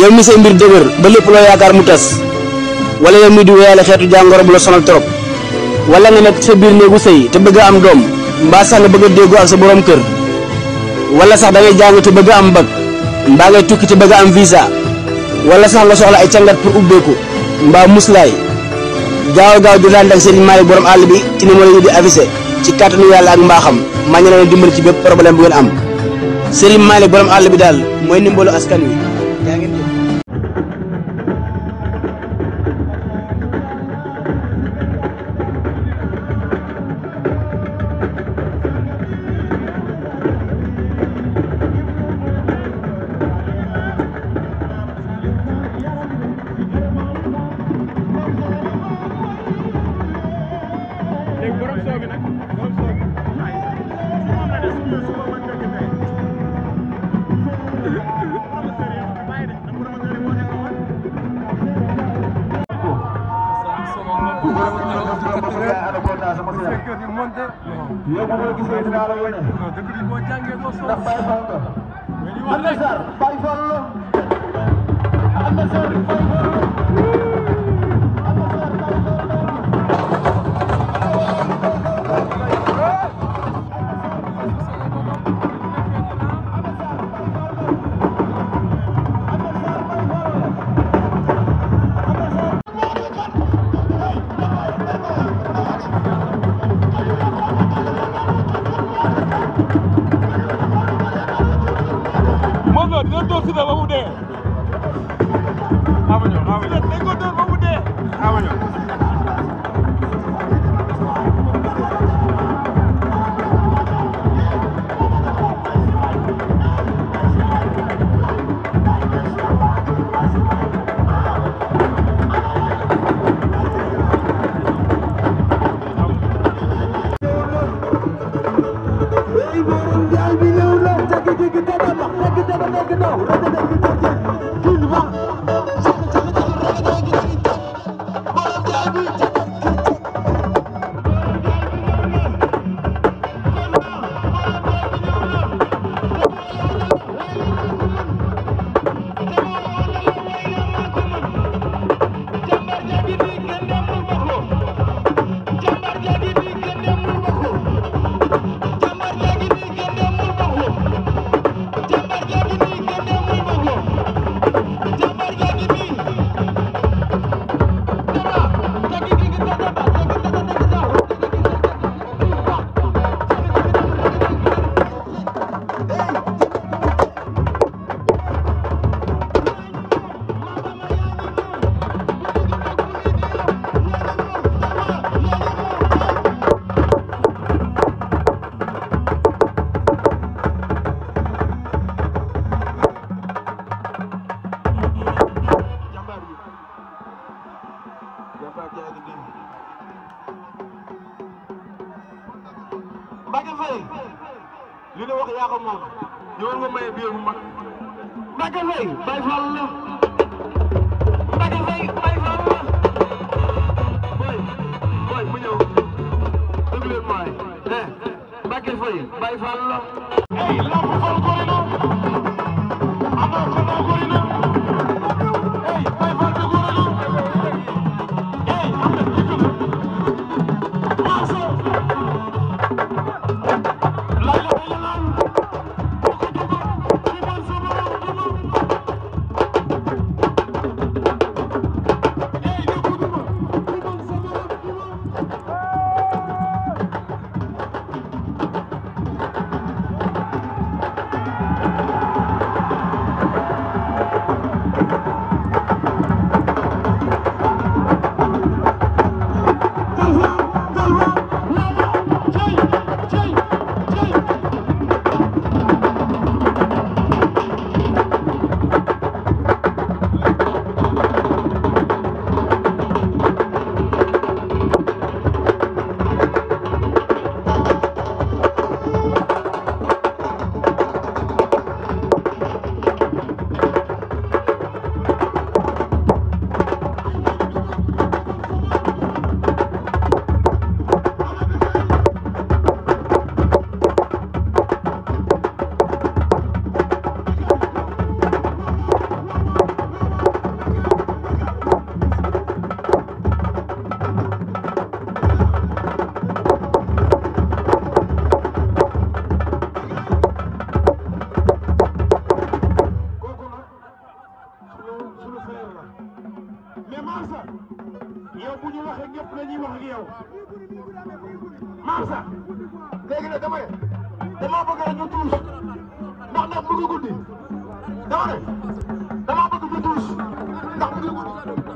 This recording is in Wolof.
yow mi sey mbir deuguer ba lepp lo yaakar mu tass wala yow mi di wéyale xetu jangoro bu la sonal torop wala nga nek sa bir neegu sey te bëgg am dom mba sax nga bëgg deggu ak sa borom kër wala sax da ngay jàng te bëgg am mba ngay tukki te bëgg am visa wala sax la soxla ay cangat pour ubbeeku mba muslay gaaw gaaw di ak seen may borom all bi ci ni mo la di avisé ci katanu yalla ak mbaxam ma ñu lay dimbal ci bëpp problème bu ngeen am malik borom bi askan wi ngeen ko yaa ko moom ñëwal nga maye biir bu mag Mbacké Faye Baye Fall la Mbacké Faye Baye Fall la boy boy mu ñëw dëgg leen mooy eh Mbacké Faye Baye Fall la hey lamb xool ko Marsa yow bu ñu waxee ñëpp dañuy wax ak yow Marsa léegi nag dama ne damaa bëgg rek ñu tuus ndax ndax mu ngi guddi dama ne damaa bëgg ñu tuus ndax mu ngi guddi.